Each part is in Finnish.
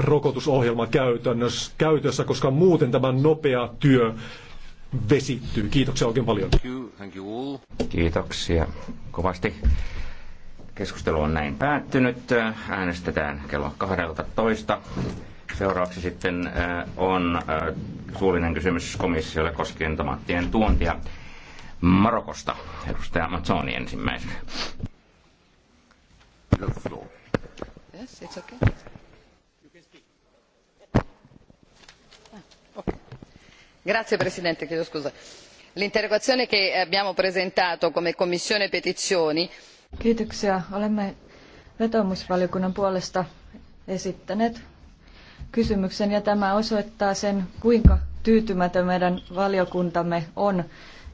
rokotusohjelma käytössä, koska muuten tämä nopea työ vesittyy. Kiitoksia oikein paljon. Kiitoksia kovasti. Keskustelu on näin päättynyt. Äänestetään kello 12. Seuraavaksi sitten äh, on äh, suullinen kysymys komissiolle koskien tomaattien tuontia Marokosta. Edustaja Amazoni ensimmäisenä. Yes, it's okay. signor presidente onorevoli colleghi l'interrogazione che abbiamo presentato come komission petizioni olemme vetoomusvaliokunnan puolesta esittäneet kysymyksen ja tämä osoittaa sen kuinka tyytymätön meidän valiokuntamme on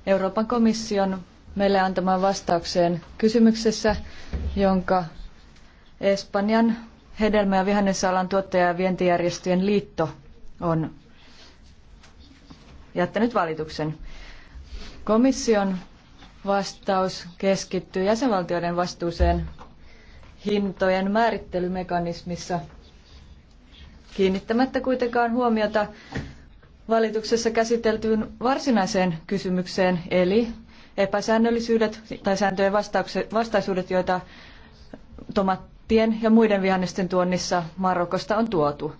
euroopan komission meille antamaan vastaukseen kysymyksessä jonka espanjan hedelmä ja vihannesalan tuottaja ja vientijärjestöjen liitto on jättänyt valituksen. Komission vastaus keskittyy jäsenvaltioiden vastuuseen hintojen määrittelymekanismissa kiinnittämättä kuitenkaan huomiota valituksessa käsiteltyyn varsinaiseen kysymykseen, eli epäsäännöllisyydet tai sääntöjen vastaisuudet, joita tomaattien ja muiden vihannesten tuonnissa Marokosta on tuotu.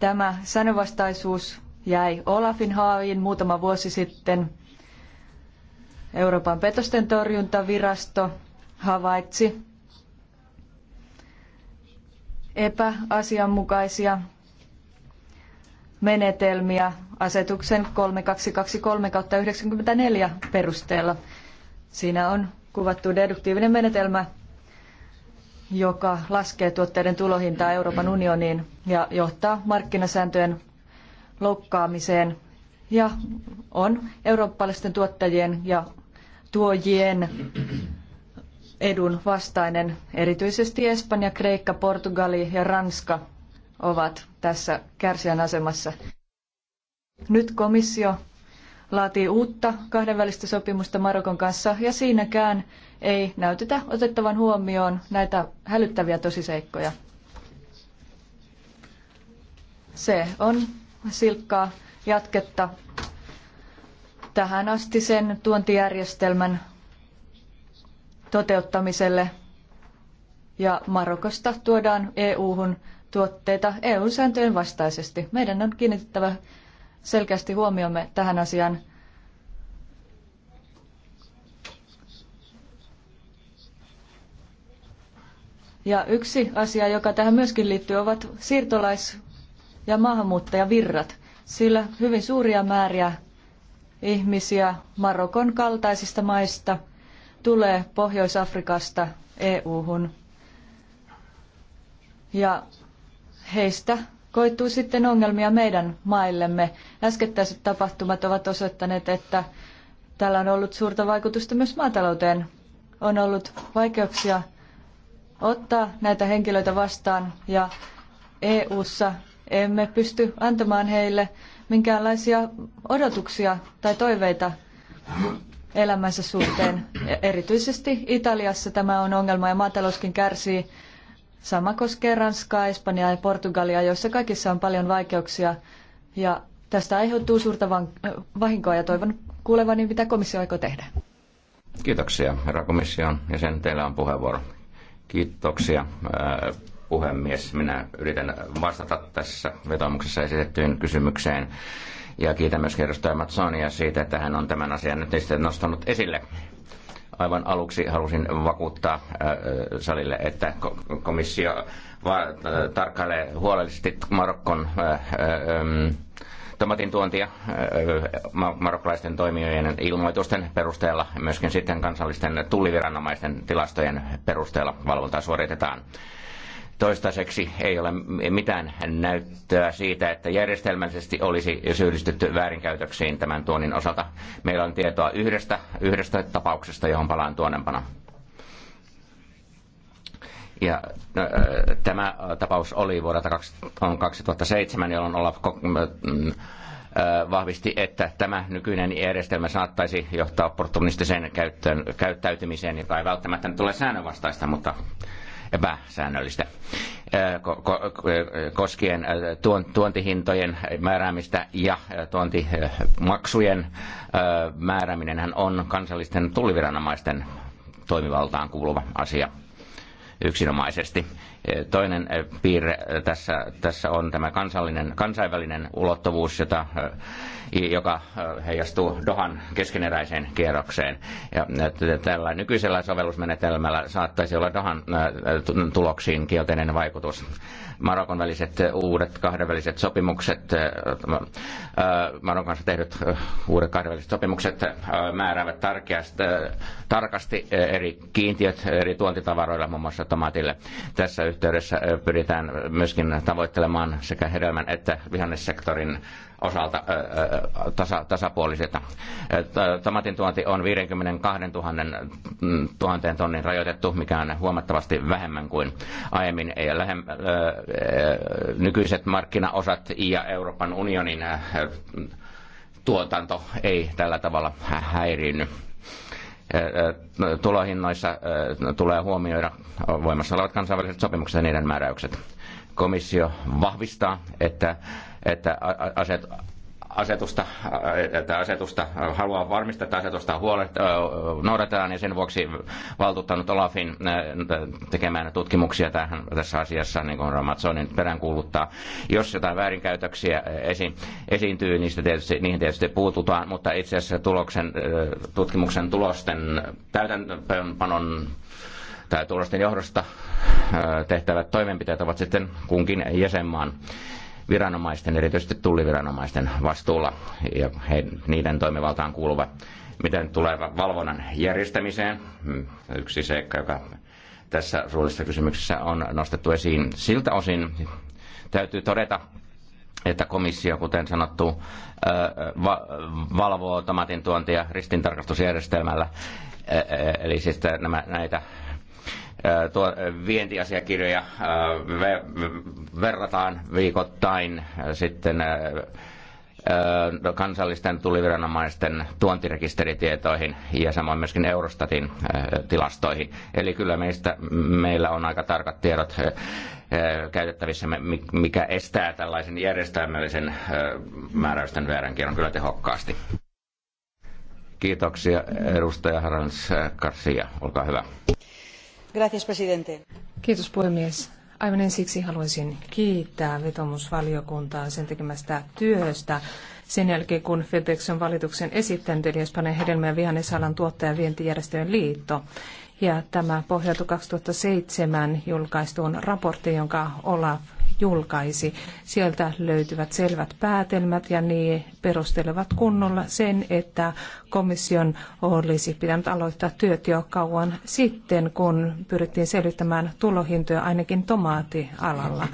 Tämä säännönvastaisuus jäi Olafin haaviin muutama vuosi sitten. Euroopan petosten torjuntavirasto havaitsi epäasianmukaisia menetelmiä asetuksen 3223-94 perusteella. Siinä on kuvattu deduktiivinen menetelmä, joka laskee tuotteiden tulohintaa Euroopan unioniin ja johtaa markkinasääntöjen loukkaamiseen ja on eurooppalaisten tuottajien ja tuojien edun vastainen. Erityisesti Espanja, Kreikka, Portugali ja Ranska ovat tässä kärsijän asemassa. Nyt komissio laatii uutta kahdenvälistä sopimusta Marokon kanssa ja siinäkään ei näytetä otettavan huomioon näitä hälyttäviä tosiseikkoja. Se on silkkaa jatketta tähän asti sen tuontijärjestelmän toteuttamiselle ja Marokosta tuodaan EU-hun tuotteita EU-sääntöjen vastaisesti. Meidän on kiinnitettävä selkeästi huomiomme tähän asiaan. Ja yksi asia, joka tähän myöskin liittyy, ovat siirtolaisuus ja maahanmuuttajavirrat, sillä hyvin suuria määriä ihmisiä Marokon kaltaisista maista tulee Pohjois-Afrikasta EU-hun. Ja heistä koituu sitten ongelmia meidän maillemme. Äskettäiset tapahtumat ovat osoittaneet, että tällä on ollut suurta vaikutusta myös maatalouteen. On ollut vaikeuksia ottaa näitä henkilöitä vastaan ja EU:ssa emme pysty antamaan heille minkäänlaisia odotuksia tai toiveita elämänsä suhteen. Erityisesti Italiassa tämä on ongelma ja maatalouskin kärsii. Sama koskee Ranskaa, Espanjaa ja Portugalia, joissa kaikissa on paljon vaikeuksia ja tästä aiheutuu suurta vahinkoa ja toivon kuulevani, mitä komissio aikoo tehdä. Kiitoksia, herra komission jäsen. Teillä on puheenvuoro. Kiitoksia puhemies. Minä yritän vastata tässä vetomuksessa esitettyyn kysymykseen. Ja kiitän myös edustaja Matsonia siitä, että hän on tämän asian nyt nostanut esille. Aivan aluksi halusin vakuuttaa äh, äh, salille, että komissio äh, tarkkailee huolellisesti Marokkon ähm, tomatin tuontia marokkalaisten toimijoiden ilmoitusten perusteella, myöskin sitten kansallisten tulliviranomaisten tilastojen perusteella valvontaa suoritetaan. Toistaiseksi ei ole mitään näyttöä siitä, että järjestelmällisesti olisi syyllistytty väärinkäytöksiin tämän tuonin osalta. Meillä on tietoa yhdestä, yhdestä tapauksesta, johon palaan tuonempana. Ja no, tämä tapaus oli vuodelta 2007, jolloin Olaf mm, vahvisti, että tämä nykyinen järjestelmä saattaisi johtaa opportunistiseen käyttäytymiseen, joka ei välttämättä tule säännönvastaista, mutta epäsäännöllistä äh, äh, koskien äh, tuontihintojen määräämistä ja tuontimaksujen määrääminen on kansallisten tulliviranomaisten toimivaltaan kuuluva asia yksinomaisesti. Toinen eh, piirre eh, tässä, tässä on tämä kansallinen, kansainvälinen ulottuvuus, jota, eh, joka heijastuu Dohan keskeneräiseen kierrokseen. Ja tällä nykyisellä sovellusmenetelmällä saattaisi olla Dohan tuloksiin kielteinen vaikutus. Marokon väliset uudet kahdenväliset sopimukset, Marokon kanssa tehdyt uudet kahdenväliset sopimukset määräävät tarkasti eri kiintiöt eri tuontitavaroilla, muun muassa tomaatille. Tässä yhteydessä pyritään myöskin tavoittelemaan sekä hedelmän että vihannessektorin osalta tasa, tasapuolisilta. Tomatin tuonti on 52 000, 000 tonnin rajoitettu, mikä on huomattavasti vähemmän kuin aiemmin. Lähem, nykyiset markkinaosat ja Euroopan unionin tuotanto ei tällä tavalla häirinnyt tulohinnoissa tulee huomioida voimassa olevat kansainväliset sopimukset ja niiden määräykset. Komissio vahvistaa, että, että aset, asetusta, äh, että asetusta äh, haluaa varmistaa, että asetusta huolet, äh, noudatetaan ja niin sen vuoksi valtuuttanut Olafin tekemään tutkimuksia tähän, tässä asiassa, niin kuin Ramatsonin peräänkuuluttaa. Jos jotain väärinkäytöksiä esi, esiintyy, niin tietysti, niihin tietysti puututaan, mutta itse asiassa tuloksen, tutkimuksen tulosten täytäntöönpanon tai tulosten johdosta tehtävät toimenpiteet ovat sitten kunkin jäsenmaan viranomaisten, erityisesti tulliviranomaisten vastuulla ja he, niiden toimivaltaan kuuluva. Miten tulee valvonnan järjestämiseen? Mm, yksi seikka, joka tässä suullisessa kysymyksessä on nostettu esiin. Siltä osin täytyy todeta, että komissio, kuten sanottu, valvoo tomaatin tuontia ristintarkastusjärjestelmällä. Eli siis nämä, näitä tuo, vientiasiakirjoja ve, verrataan viikoittain sitten kansallisten tuliviranomaisten tuontirekisteritietoihin ja samoin myöskin Eurostatin tilastoihin. Eli kyllä meistä, meillä on aika tarkat tiedot käytettävissä, mikä estää tällaisen järjestelmällisen määräysten vääränkierron kyllä tehokkaasti. Kiitoksia edustaja Harans Garcia, olkaa hyvä. Gracias, Kiitos puhemies. Aivan ensiksi haluaisin kiittää vetomusvaliokuntaa sen tekemästä työstä. Sen jälkeen, kun FedEx on valituksen esittänyt, eli Espanjan hedelmä- ja vihannesalan tuottaja vientijärjestöjen liitto. Ja tämä pohjautui 2007 julkaistuun raporttiin, jonka Olaf julkaisi. Sieltä löytyvät selvät päätelmät ja ne perustelevat kunnolla sen, että komission olisi pitänyt aloittaa työt jo kauan sitten, kun pyrittiin selvittämään tulohintoja ainakin tomaatialalla.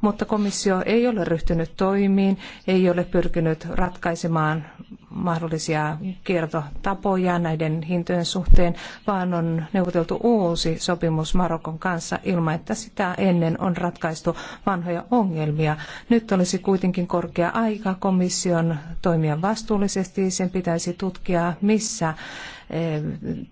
Mutta komissio ei ole ryhtynyt toimiin, ei ole pyrkinyt ratkaisemaan mahdollisia kiertotapoja näiden hintojen suhteen, vaan on neuvoteltu uusi sopimus Marokon kanssa ilman, että sitä ennen on ratkaistu vanhoja ongelmia. Nyt olisi kuitenkin korkea aika komission toimia vastuullisesti. Sen pitäisi tutkia, missä eh,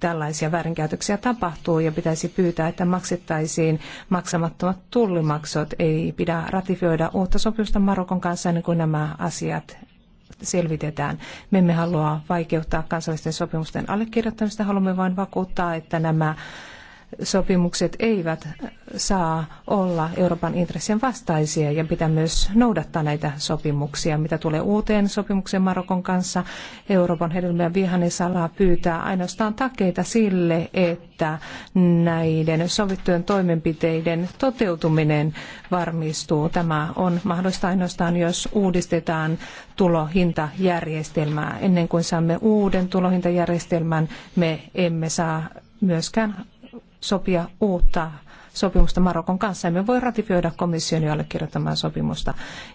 tällaisia väärinkäytöksiä tapahtuu ja pitäisi pyytää, että maksettaisiin maksamattomat tullimaksut. Ei pidä ratifioida uutta sopimusta Marokon kanssa ennen kuin nämä asiat selvitetään. Me emme halua vaikeuttaa kansallisten sopimusten allekirjoittamista, haluamme vain vakuuttaa, että nämä sopimukset eivät saa olla Euroopan intressien vastaisia ja pitää myös noudattaa näitä sopimuksia. Mitä tulee uuteen sopimukseen Marokon kanssa, Euroopan hedelmä- ja vihannesalaa pyytää ainoastaan takeita sille, että näiden sovittujen toimenpiteiden toteutuminen varmistuu. Tämä on mahdollista ainoastaan, jos uudistetaan tulohintajärjestelmää. Ennen kuin saamme uuden tulohintajärjestelmän, me emme saa myöskään sopia uutta sopimusta Marokon kanssa. Emme voi ratifioida komission jo allekirjoittamaa sopimusta.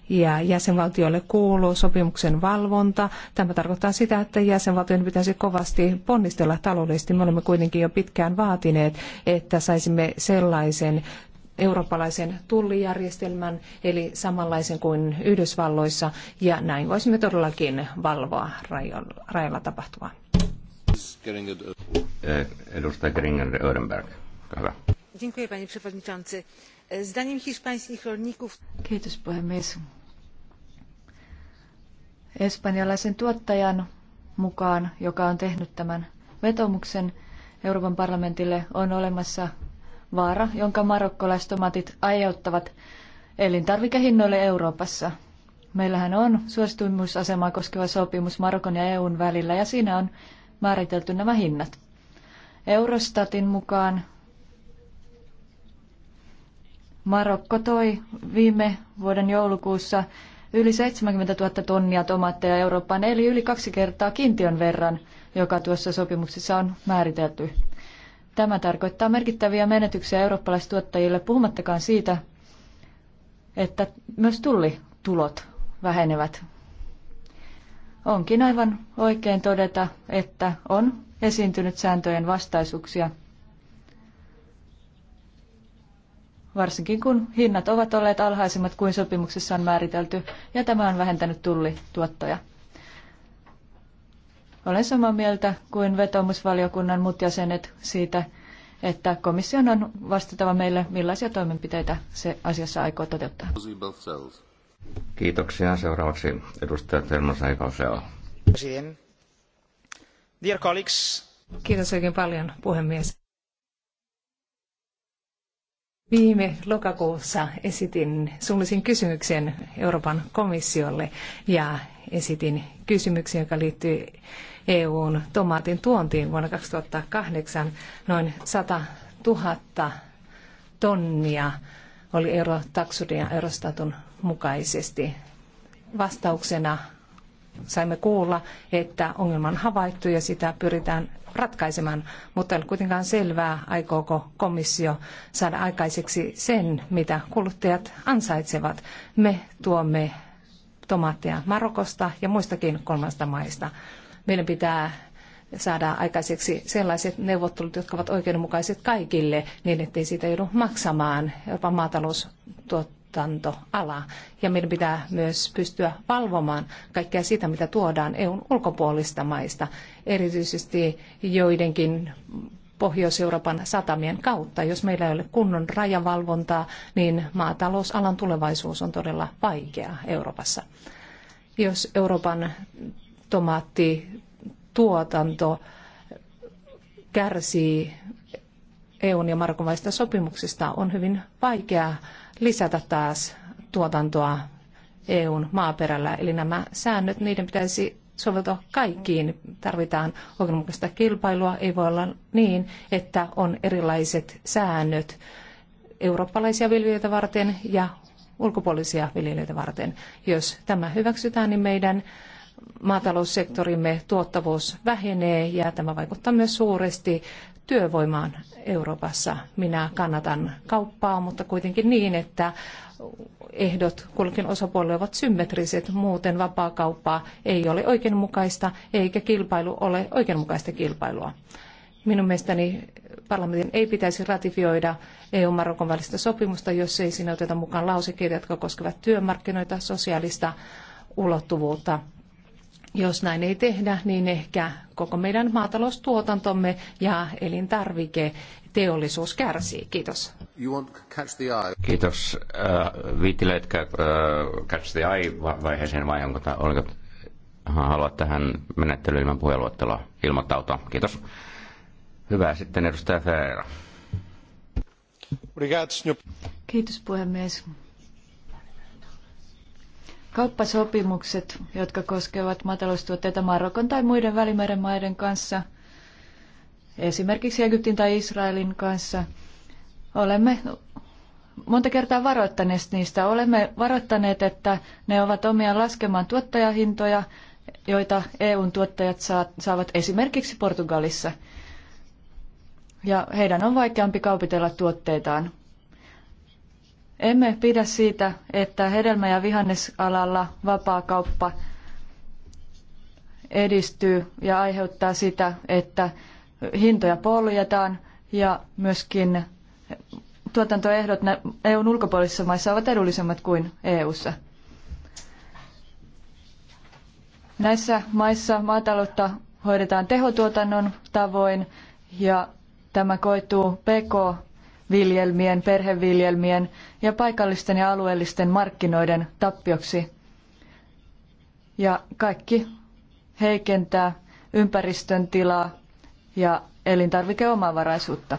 Ja jäsenvaltioille kuuluu sopimuksen valvonta. Tämä tarkoittaa sitä, että jäsenvaltion pitäisi kovasti ponnistella taloudellisesti. Me olemme kuitenkin jo pitkään vaatineet, että saisimme sellaisen eurooppalaisen tullijärjestelmän, eli samanlaisen kuin Yhdysvalloissa, ja näin voisimme todellakin valvoa rajoilla tapahtuvaa panie przewodniczący. Zdaniem hiszpańskich rolników... Kiitos, puhemies. Espanjalaisen tuottajan mukaan, joka on tehnyt tämän vetomuksen Euroopan parlamentille, on olemassa vaara, jonka marokkolaistomatit aiheuttavat elintarvikehinnoille Euroopassa. Meillähän on suostumusasemaa koskeva sopimus Marokon ja EUn välillä ja siinä on määritelty nämä hinnat. Eurostatin mukaan Marokko toi viime vuoden joulukuussa yli 70 000 tonnia tomaatteja Eurooppaan, eli yli kaksi kertaa kiintiön verran, joka tuossa sopimuksessa on määritelty. Tämä tarkoittaa merkittäviä menetyksiä eurooppalaistuottajille, puhumattakaan siitä, että myös tullitulot vähenevät Onkin aivan oikein todeta, että on esiintynyt sääntöjen vastaisuuksia, varsinkin kun hinnat ovat olleet alhaisemmat kuin sopimuksessa on määritelty, ja tämä on vähentänyt tullituottoja. Olen samaa mieltä kuin vetomusvaliokunnan muut jäsenet siitä, että komission on vastattava meille, millaisia toimenpiteitä se asiassa aikoo toteuttaa. Kiitoksia. Seuraavaksi edustaja Telmo Saikauseo. Dear colleagues. Kiitos oikein paljon, puhemies. Viime lokakuussa esitin suullisen kysymyksen Euroopan komissiolle ja esitin kysymyksen, joka liittyy EUn tomaatin tuontiin vuonna 2008 noin 100 000 tonnia oli ero Eurotaksudia Eurostatun mukaisesti. Vastauksena saimme kuulla, että ongelma on havaittu ja sitä pyritään ratkaisemaan, mutta ei ole kuitenkaan selvää, aikooko komissio saada aikaiseksi sen, mitä kuluttajat ansaitsevat. Me tuomme tomaatteja Marokosta ja muistakin kolmasta maista. Meidän pitää saada aikaiseksi sellaiset neuvottelut, jotka ovat oikeudenmukaiset kaikille, niin ettei siitä joudu maksamaan Euroopan maataloustuot tuotantoala. Ja meidän pitää myös pystyä valvomaan kaikkea sitä, mitä tuodaan EUn ulkopuolista maista, erityisesti joidenkin Pohjois-Euroopan satamien kautta. Jos meillä ei ole kunnon rajavalvontaa, niin maatalousalan tulevaisuus on todella vaikea Euroopassa. Jos Euroopan tomaattituotanto kärsii EUn ja Marokon sopimuksista, on hyvin vaikeaa lisätä taas tuotantoa EUn maaperällä. Eli nämä säännöt, niiden pitäisi soveltua kaikkiin. Tarvitaan oikeudenmukaista kilpailua. Ei voi olla niin, että on erilaiset säännöt eurooppalaisia viljelijöitä varten ja ulkopuolisia viljelijöitä varten. Jos tämä hyväksytään, niin meidän maataloussektorimme tuottavuus vähenee ja tämä vaikuttaa myös suuresti työvoimaan Euroopassa. Minä kannatan kauppaa, mutta kuitenkin niin, että ehdot kullekin osapuolelle ovat symmetriset, muuten kauppaa ei ole oikeudenmukaista eikä kilpailu ole oikeudenmukaista kilpailua. Minun mielestäni parlamentin ei pitäisi ratifioida EU-Marokon välistä sopimusta, jos ei siinä oteta mukaan lausekkeita, jotka koskevat työmarkkinoita, sosiaalista ulottuvuutta jos näin ei tehdä, niin ehkä koko meidän maataloustuotantomme ja elintarvike teollisuus kärsii. Kiitos. Kiitos. Uh, Viittilet uh, catch the eye-vaiheeseen äh, äh, vai onko oliko, haluat tähän menettelyyn ilman puheenluottelua ilmoittautua? Kiitos. Hyvä. Sitten edustaja Ferreira. Kiitos puhemies. Kauppasopimukset, jotka koskevat maataloustuotteita Marokon tai muiden välimeren maiden kanssa, esimerkiksi Egyptin tai Israelin kanssa, olemme monta kertaa varoittaneet niistä. Olemme varoittaneet, että ne ovat omia laskemaan tuottajahintoja, joita EUn tuottajat saavat esimerkiksi Portugalissa. Ja heidän on vaikeampi kaupitella tuotteitaan. Emme pidä siitä, että hedelmä- ja vihannesalalla vapaakauppa edistyy ja aiheuttaa sitä, että hintoja poljetaan ja myöskin tuotantoehdot EUn ulkopuolisissa maissa ovat edullisemmat kuin EUssa. Näissä maissa maataloutta hoidetaan tehotuotannon tavoin ja tämä koituu pk viljelmien, perheviljelmien ja paikallisten ja alueellisten markkinoiden tappioksi. Ja kaikki heikentää ympäristön tilaa ja elintarvikeomavaraisuutta.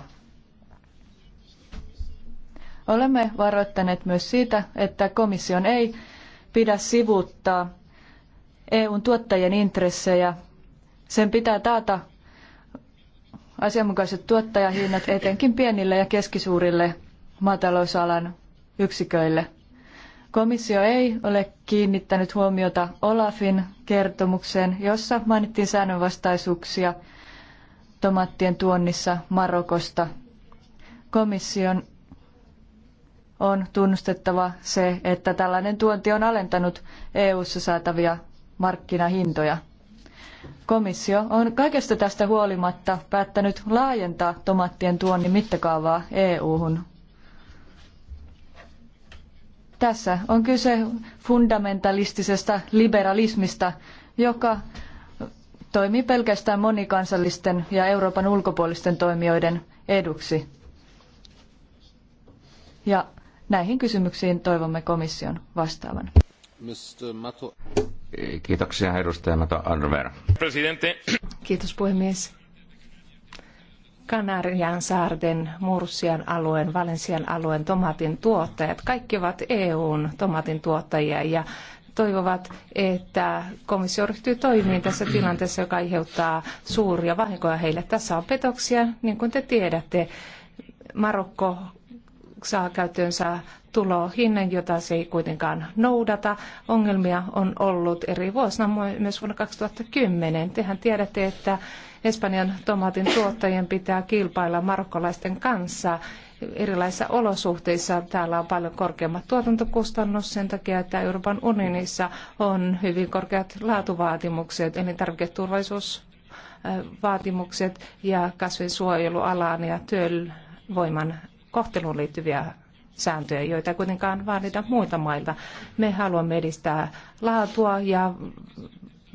Olemme varoittaneet myös siitä, että komission ei pidä sivuuttaa EUn tuottajien intressejä. Sen pitää taata asianmukaiset tuottajahinnat etenkin pienille ja keskisuurille maatalousalan yksiköille. Komissio ei ole kiinnittänyt huomiota Olafin kertomukseen, jossa mainittiin säännönvastaisuuksia tomaattien tuonnissa Marokosta. Komission on tunnustettava se, että tällainen tuonti on alentanut EU-ssa saatavia markkinahintoja. Komissio on kaikesta tästä huolimatta päättänyt laajentaa tomaattien tuonnin mittakaavaa EU-hun. Tässä on kyse fundamentalistisesta liberalismista, joka toimii pelkästään monikansallisten ja Euroopan ulkopuolisten toimijoiden eduksi. Ja näihin kysymyksiin toivomme komission vastaavan. Kiitoksia edustaja Mato Arver. Presidente. Kiitos puhemies. Kanarian saarten, Mursian alueen, Valensian alueen tomaatin tuottajat, kaikki ovat EUn tomaatin tuottajia ja toivovat, että komissio ryhtyy toimiin tässä tilanteessa, joka aiheuttaa suuria vahinkoja heille. Tässä on petoksia, niin kuin te tiedätte. Marokko saa käyttöönsä tulohinnan, jota se ei kuitenkaan noudata. Ongelmia on ollut eri vuosina, myös vuonna 2010. Tehän tiedätte, että Espanjan tomaatin tuottajien pitää kilpailla marokkolaisten kanssa erilaisissa olosuhteissa. Täällä on paljon korkeammat tuotantokustannus sen takia, että Euroopan unionissa on hyvin korkeat laatuvaatimukset, elintarviketurvallisuusvaatimukset ja kasvinsuojelualaan ja työvoiman kohteluun liittyviä sääntöjä, joita ei kuitenkaan vaadita muilta mailta. Me haluamme edistää laatua ja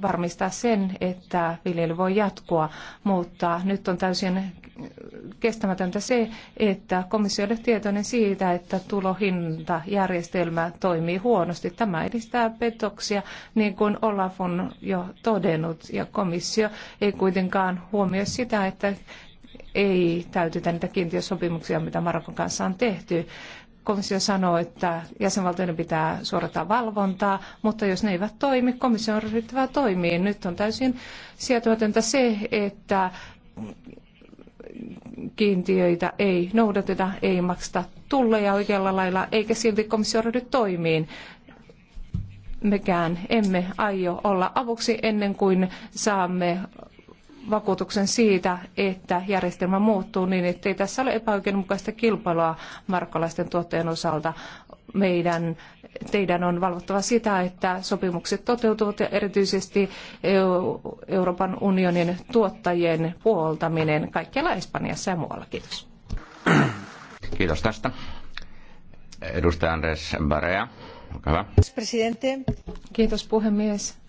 varmistaa sen, että viljely voi jatkua, mutta nyt on täysin kestämätöntä se, että komissio on tietoinen siitä, että tulohintajärjestelmä toimii huonosti. Tämä edistää petoksia, niin kuin Olaf on jo todennut, ja komissio ei kuitenkaan huomioi sitä, että ei täytetä niitä kiintiösopimuksia, mitä Marokon kanssa on tehty komissio sanoo, että jäsenvaltioiden pitää suorittaa valvontaa, mutta jos ne eivät toimi, komissio on ryhdyttävä toimiin. Nyt on täysin sietämätöntä se, että kiintiöitä ei noudateta, ei makseta tulleja oikealla lailla, eikä silti komissio ryhdy toimiin. Mekään emme aio olla avuksi ennen kuin saamme vakuutuksen siitä, että järjestelmä muuttuu niin, ettei tässä ole epäoikeudenmukaista kilpailua markkalaisten tuottajien osalta. Meidän, teidän on valvottava sitä, että sopimukset toteutuvat ja erityisesti Euroopan unionin tuottajien puoltaminen kaikkialla Espanjassa ja muualla. Kiitos. Kiitos tästä. Edustaja Andres Barea, olkaa hyvä. Kiitos puhemies.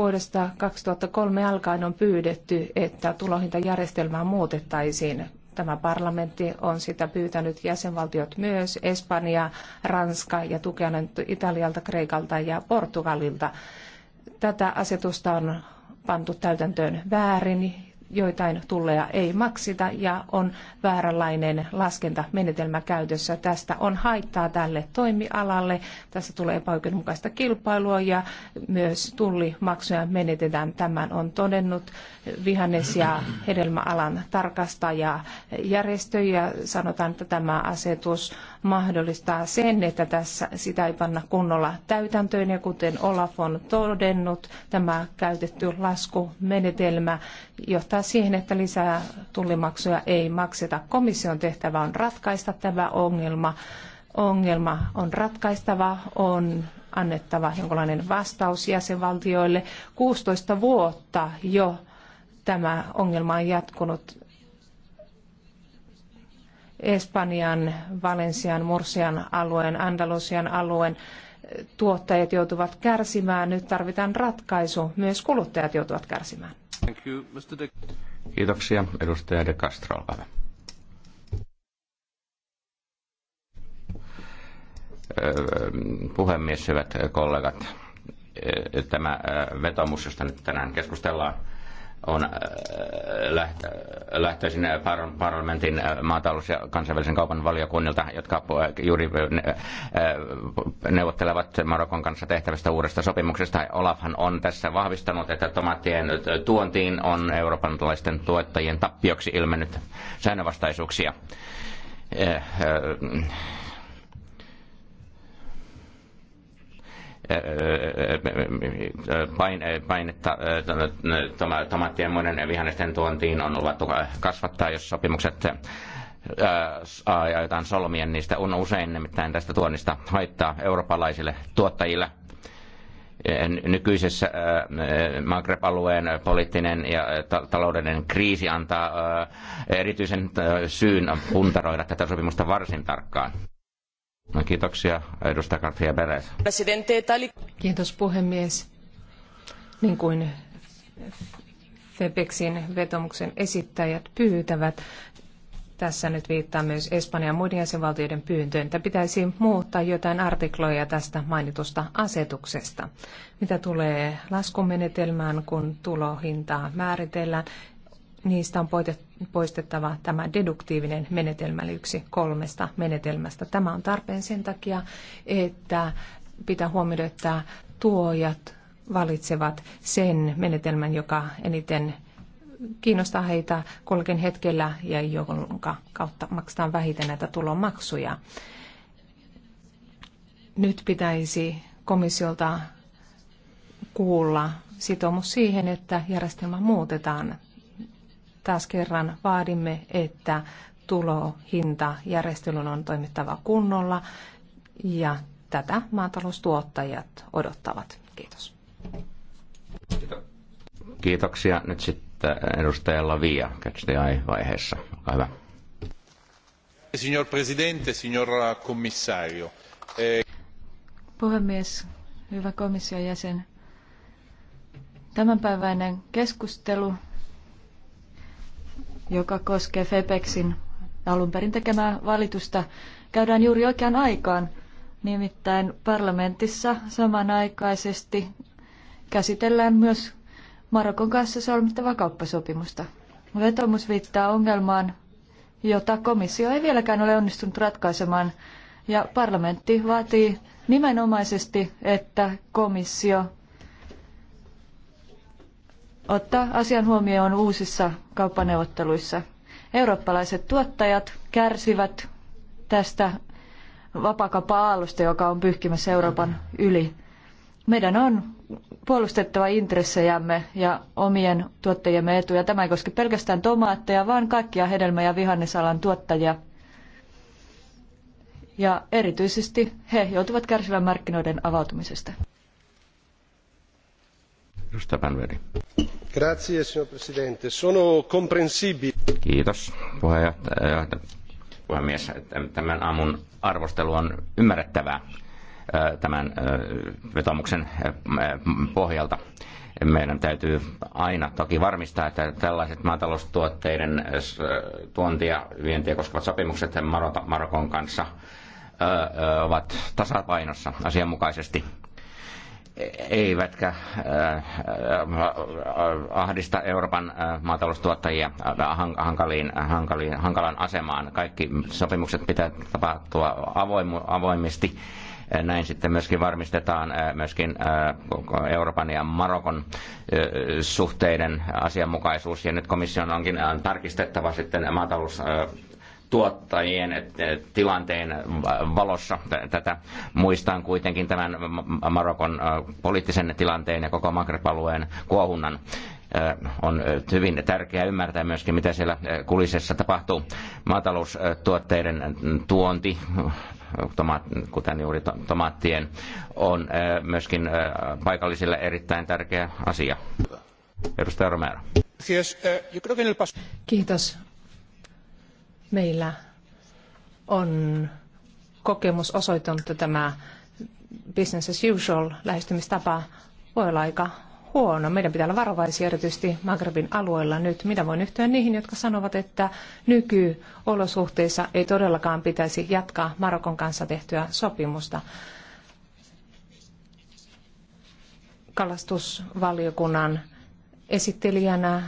Vuodesta 2003 alkaen on pyydetty, että tulohintajärjestelmää muutettaisiin. Tämä parlamentti on sitä pyytänyt jäsenvaltiot myös, Espanja, Ranska ja tukea Italialta, Kreikalta ja Portugalilta. Tätä asetusta on pantu täytäntöön väärin joitain tulleja ei maksita ja on vääränlainen laskentamenetelmä käytössä. Tästä on haittaa tälle toimialalle. Tässä tulee epäoikeudenmukaista kilpailua ja myös tullimaksuja menetetään. Tämän on todennut vihannes- ja hedelmäalan tarkastaja järjestö ja sanotaan, että tämä asetus mahdollistaa sen, että tässä sitä ei panna kunnolla täytäntöön ja kuten Olaf on todennut, tämä käytetty laskumenetelmä johtaa siihen, että lisää tullimaksuja ei makseta. Komission tehtävä on ratkaista tämä ongelma. Ongelma on ratkaistava, on annettava jonkinlainen vastaus jäsenvaltioille. 16 vuotta jo tämä ongelma on jatkunut Espanjan, Valensian, Mursian alueen, Andalusian alueen tuottajat joutuvat kärsimään. Nyt tarvitaan ratkaisu. Myös kuluttajat joutuvat kärsimään. Thank you, Mr. De... Kiitoksia, edustaja De Castro, olkaa hyvä. Puhemies, hyvät kollegat, tämä vetomus, josta nyt tänään keskustellaan, on äh, lähtöisin äh, parlamentin äh, maatalous- ja kansainvälisen kaupan valiokunnilta, jotka juuri neuvottelevat Marokon kanssa tehtävästä uudesta sopimuksesta. Olafhan on tässä vahvistanut, että tomaattien tuontiin on eurooppalaisten tuottajien tappioksi ilmennyt säännönvastaisuuksia painetta tomaattien muiden vihannesten tuontiin on luvattu kasvattaa, jos sopimukset aiotaan solmien, niistä on usein nimittäin tästä tuonnista haittaa eurooppalaisille tuottajille nykyisessä Maghreb-alueen poliittinen ja taloudellinen kriisi antaa erityisen syyn puntaroida tätä sopimusta varsin tarkkaan. No, kiitoksia, edustaja Kartia Beres. Kiitos puhemies. Niin kuin FEBEXin vetomuksen esittäjät pyytävät, tässä nyt viittaa myös Espanjan ja muiden jäsenvaltioiden pyyntöön, että pitäisi muuttaa jotain artikloja tästä mainitusta asetuksesta. Mitä tulee laskumenetelmään, kun tulohintaa määritellään, niistä on poistettava tämä deduktiivinen menetelmä, eli yksi kolmesta menetelmästä. Tämä on tarpeen sen takia, että pitää huomioida, että tuojat valitsevat sen menetelmän, joka eniten kiinnostaa heitä kolken hetkellä ja jonka kautta maksetaan vähiten näitä tulomaksuja. Nyt pitäisi komissiolta kuulla sitoumus siihen, että järjestelmä muutetaan taas kerran vaadimme, että tulohintajärjestelyn on toimittava kunnolla ja tätä maataloustuottajat odottavat. Kiitos. Kiitoksia. Nyt sitten edustaja Lavia Catch the Eye-vaiheessa. Olkaa hyvä. Signor Presidente, signor Commissario. Eh, Puhemies, hyvä komission jäsen. Tämänpäiväinen keskustelu joka koskee FEPEXin alun perin tekemää valitusta, käydään juuri oikeaan aikaan. Nimittäin parlamentissa samanaikaisesti käsitellään myös Marokon kanssa solmittavaa kauppasopimusta. Vetomus viittaa ongelmaan, jota komissio ei vieläkään ole onnistunut ratkaisemaan, ja parlamentti vaatii nimenomaisesti, että komissio ottaa asian huomioon uusissa kauppaneuvotteluissa. Eurooppalaiset tuottajat kärsivät tästä vapakapa-aallosta, joka on pyyhkimässä Euroopan yli. Meidän on puolustettava intressejämme ja omien tuottajiemme etuja. Tämä ei koske pelkästään tomaatteja, vaan kaikkia hedelmä- ja vihannesalan tuottajia. Ja erityisesti he joutuvat kärsivän markkinoiden avautumisesta signor Presidente. Sono comprensibili. Kiitos, puheenjohtaja. Puhemies, tämän aamun arvostelu on ymmärrettävää tämän vetomuksen pohjalta. Meidän täytyy aina toki varmistaa, että tällaiset maataloustuotteiden tuontia ja vientiä koskevat sopimukset Marokon kanssa ovat tasapainossa asianmukaisesti eivätkä äh, äh, ahdista Euroopan äh, maataloustuottajia hankaliin, hankaliin, hankalaan asemaan. Kaikki sopimukset pitää tapahtua avoimesti. Näin sitten myöskin varmistetaan myöskin Euroopan ja Marokon suhteiden asianmukaisuus. Ja nyt komission onkin tarkistettava sitten maatalous tuottajien tilanteen valossa tätä. Muistan kuitenkin tämän Marokon poliittisen tilanteen ja koko Maghreb-alueen kuohunnan on hyvin tärkeää ymmärtää myöskin, mitä siellä kulisessa tapahtuu. Maataloustuotteiden tuonti, kuten juuri tomaattien, on myöskin paikallisille erittäin tärkeä asia. Edustaja Romero. Kiitos. Meillä on kokemus osoittanut, että tämä business as usual lähestymistapa voi olla aika huono. Meidän pitää olla varovaisia erityisesti Magrebin alueella nyt. Minä voin yhtyä niihin, jotka sanovat, että nykyolosuhteissa ei todellakaan pitäisi jatkaa Marokon kanssa tehtyä sopimusta. Kalastusvaliokunnan esittelijänä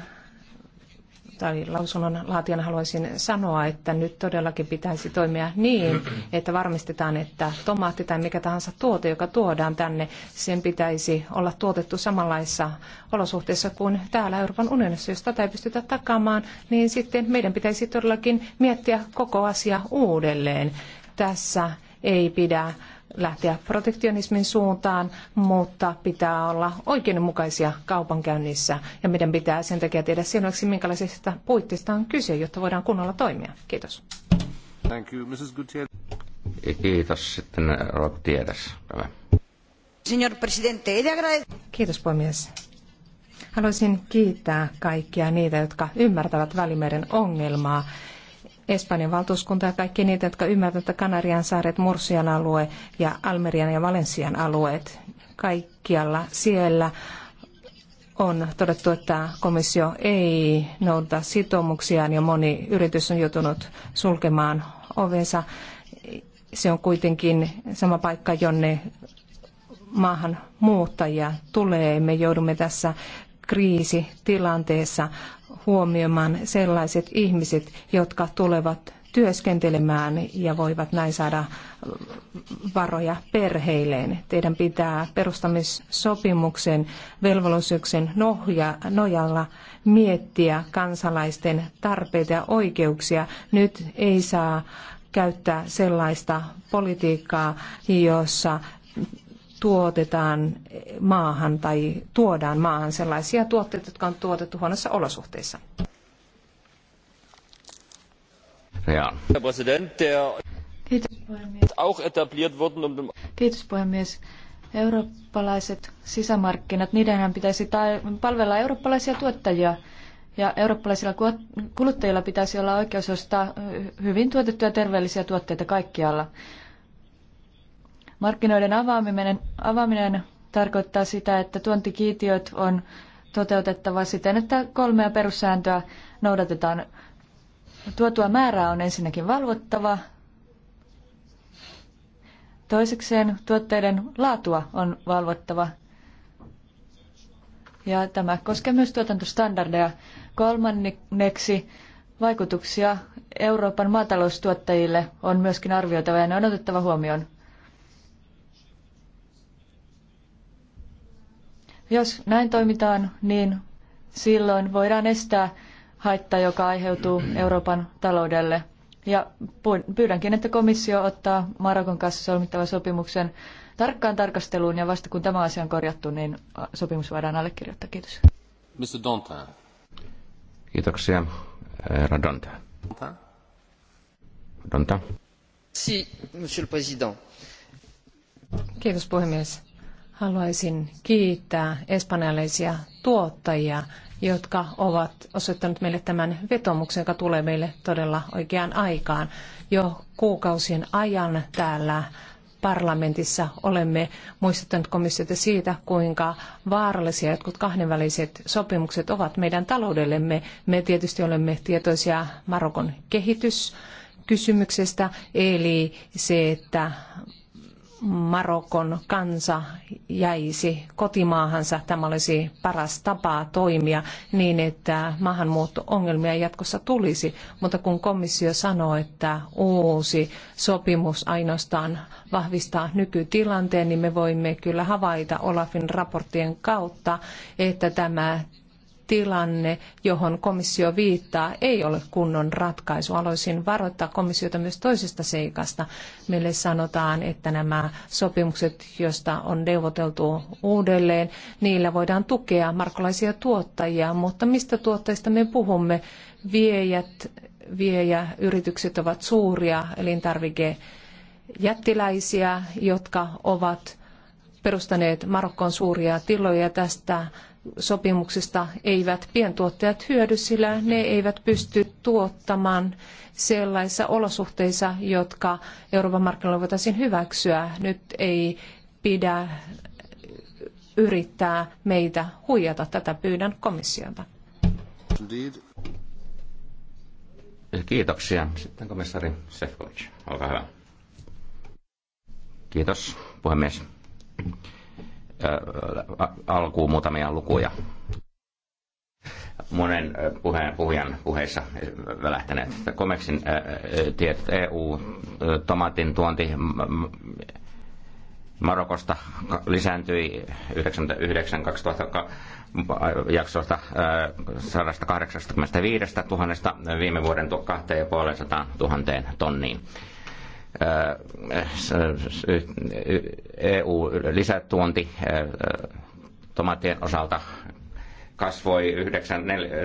tai lausunnon laatijana haluaisin sanoa, että nyt todellakin pitäisi toimia niin, että varmistetaan, että tomaatti tai mikä tahansa tuote, joka tuodaan tänne, sen pitäisi olla tuotettu samanlaissa olosuhteissa kuin täällä Euroopan unionissa. Jos tätä ei pystytä takaamaan, niin sitten meidän pitäisi todellakin miettiä koko asia uudelleen. Tässä ei pidä lähteä protektionismin suuntaan, mutta pitää olla oikeudenmukaisia kaupankäynnissä ja meidän pitää sen takia tehdä selväksi, minkälaisista puitteista on kyse, jotta voidaan kunnolla toimia. Kiitos. Thank you, Mrs. Kiitos. Sitten Gutierrez. Señor presidente, Kiitos puhemies. Haluaisin kiittää kaikkia niitä, jotka ymmärtävät Välimeren ongelmaa Espanjan valtuuskunta ja kaikki niitä, jotka ymmärtävät, että Kanarian saaret, Mursian alue ja Almerian ja Valensian alueet, kaikkialla siellä on todettu, että komissio ei noudata sitoumuksiaan ja moni yritys on joutunut sulkemaan ovensa. Se on kuitenkin sama paikka, jonne maahan muuttajia tulee. Me joudumme tässä kriisitilanteessa huomioimaan sellaiset ihmiset, jotka tulevat työskentelemään ja voivat näin saada varoja perheilleen. Teidän pitää perustamissopimuksen velvollisuuksien nojalla miettiä kansalaisten tarpeita ja oikeuksia. Nyt ei saa käyttää sellaista politiikkaa, jossa tuotetaan maahan tai tuodaan maahan sellaisia tuotteita, jotka on tuotettu huonossa olosuhteissa. Ja. Kiitos puhemies. Um Kiitos puhemies. Eurooppalaiset sisämarkkinat, niidenhän pitäisi palvella eurooppalaisia tuottajia. Ja eurooppalaisilla kuluttajilla pitäisi olla oikeus ostaa hyvin tuotettuja terveellisiä tuotteita kaikkialla. Markkinoiden avaaminen, avaaminen tarkoittaa sitä, että tuontikiitiöt on toteutettava siten, että kolmea perussääntöä noudatetaan. Tuotua määrää on ensinnäkin valvottava. Toisekseen tuotteiden laatua on valvottava. Ja tämä koskee myös tuotantostandardeja. Kolmanneksi vaikutuksia Euroopan maataloustuottajille on myöskin arvioitava ja ne on otettava huomioon. Jos näin toimitaan, niin silloin voidaan estää haitta, joka aiheutuu Euroopan taloudelle. Ja pyydänkin, että komissio ottaa Marokon kanssa solmittavan sopimuksen tarkkaan tarkasteluun ja vasta kun tämä asia on korjattu, niin sopimus voidaan allekirjoittaa. Kiitos. Mr. Dantin. Kiitoksia. Herra Don'ta. Don'ta. Si, monsieur le président. Kiitos puhemies. Haluaisin kiittää espanjalaisia tuottajia, jotka ovat osoittaneet meille tämän vetomuksen, joka tulee meille todella oikeaan aikaan. Jo kuukausien ajan täällä parlamentissa olemme muistuttaneet komissiota siitä, kuinka vaarallisia jotkut kahdenväliset sopimukset ovat meidän taloudellemme. Me tietysti olemme tietoisia Marokon kehityskysymyksestä, eli se, että Marokon kansa jäisi kotimaahansa. Tämä olisi paras tapa toimia niin, että maahanmuutto-ongelmia jatkossa tulisi. Mutta kun komissio sanoo, että uusi sopimus ainoastaan vahvistaa nykytilanteen, niin me voimme kyllä havaita Olafin raporttien kautta, että tämä tilanne, johon komissio viittaa, ei ole kunnon ratkaisu. Haluaisin varoittaa komissiota myös toisesta seikasta. Meille sanotaan, että nämä sopimukset, joista on neuvoteltu uudelleen, niillä voidaan tukea markkolaisia tuottajia, mutta mistä tuottajista me puhumme? Viejät, viejäyritykset ovat suuria elintarvikejättiläisiä, jotka ovat perustaneet Marokkoon suuria tiloja tästä sopimuksesta eivät pientuottajat hyödy, sillä ne eivät pysty tuottamaan sellaisissa olosuhteissa, jotka Euroopan markkinoilla voitaisiin hyväksyä. Nyt ei pidä yrittää meitä huijata. Tätä pyydän komissiolta. Kiitoksia. Sitten komissari Sefcovic, olkaa hyvä. Kiitos, puhemies alkuun muutamia lukuja. Monen puheen, puhujan puheissa välähtäneet. Komeksin tiet EU-tomaatin tuonti Marokosta lisääntyi 99 2000 jaksosta 185 000 viime vuoden 2,5 000 tonniin. EU-lisätuonti tomaattien osalta kasvoi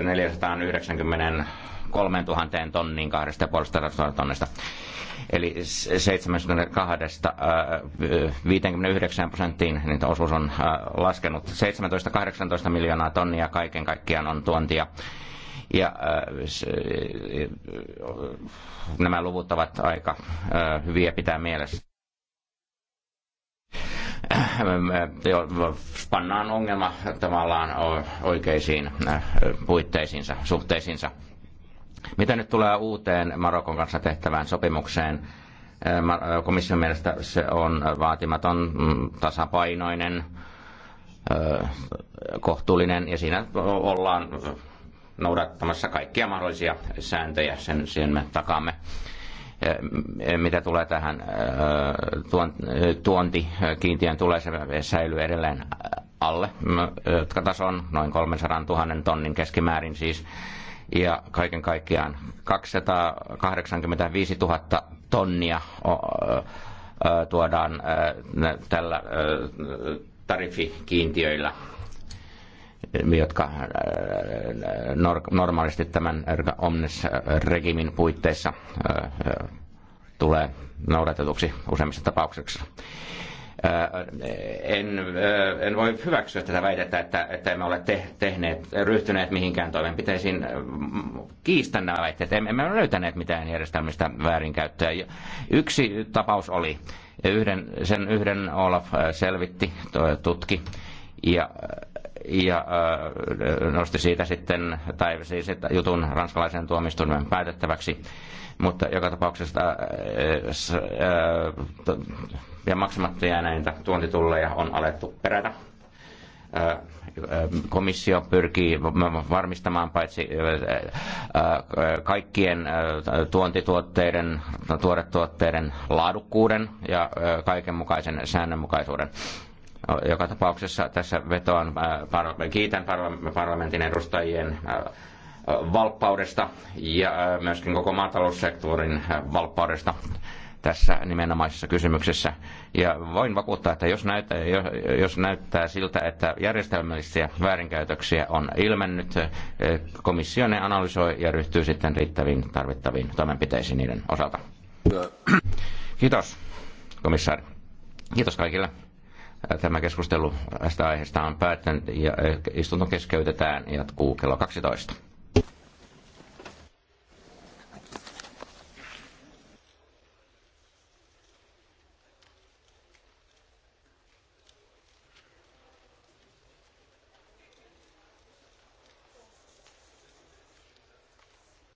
493 000 tonniin 2,5 tonnista. Eli 72-59 prosenttiin niin osuus on laskenut. 17-18 miljoonaa tonnia kaiken kaikkiaan on tuontia ja äh, äh, nämä luvut ovat aika äh, hyviä pitää mielessä pannaan ongelma tavallaan oikeisiin puitteisiinsa, suhteisiinsa. Mitä nyt tulee uuteen Marokon kanssa tehtävään sopimukseen? Komission mielestä se on vaatimaton, mm, tasapainoinen, kohtuullinen ja siinä ollaan noudattamassa kaikkia mahdollisia sääntöjä, sen, sen me takaamme eh, mitä tulee tähän eh, eh, tuontikiintiön tulee, se säilyy edelleen alle tason noin 300 000 tonnin keskimäärin siis. Ja kaiken kaikkiaan 285 000 tonnia tuodaan tällä tariffikiintiöillä jotka äh, normaalisti tämän omnes-regimin puitteissa äh, tulee noudatetuksi useimmissa tapauksissa. Äh, en, en voi hyväksyä tätä väitettä, että, että emme ole tehneet, ryhtyneet mihinkään toimenpiteisiin. Kiistän nämä väitteet. Emme ole löytäneet mitään järjestelmistä väärinkäyttöä. Yksi tapaus oli, yhden, sen yhden Olaf selvitti, tutki, ja ja äh, nosti siitä sitten, tai siis jutun ranskalaisen tuomistuimen päätettäväksi. Mutta joka tapauksessa äh, äh, ja maksamatta jääneitä tuontitulleja on alettu perätä komissio pyrkii varmistamaan paitsi kaikkien tuontituotteiden, tuoretuotteiden laadukkuuden ja kaikenmukaisen säännönmukaisuuden. Joka tapauksessa tässä vetoan, äh, kiitän parlamentin edustajien äh, valppaudesta ja äh, myöskin koko maataloussektorin valppaudesta tässä nimenomaisessa kysymyksessä. Ja voin vakuuttaa, että jos näyttää, jos näyttää siltä, että järjestelmällisiä väärinkäytöksiä on ilmennyt, komissio ne analysoi ja ryhtyy sitten riittäviin tarvittaviin toimenpiteisiin niiden osalta. Kiitos, komissaari. Kiitos kaikille. Tämä keskustelu tästä aiheesta on päättynyt ja istunto keskeytetään jatkuu kello 12.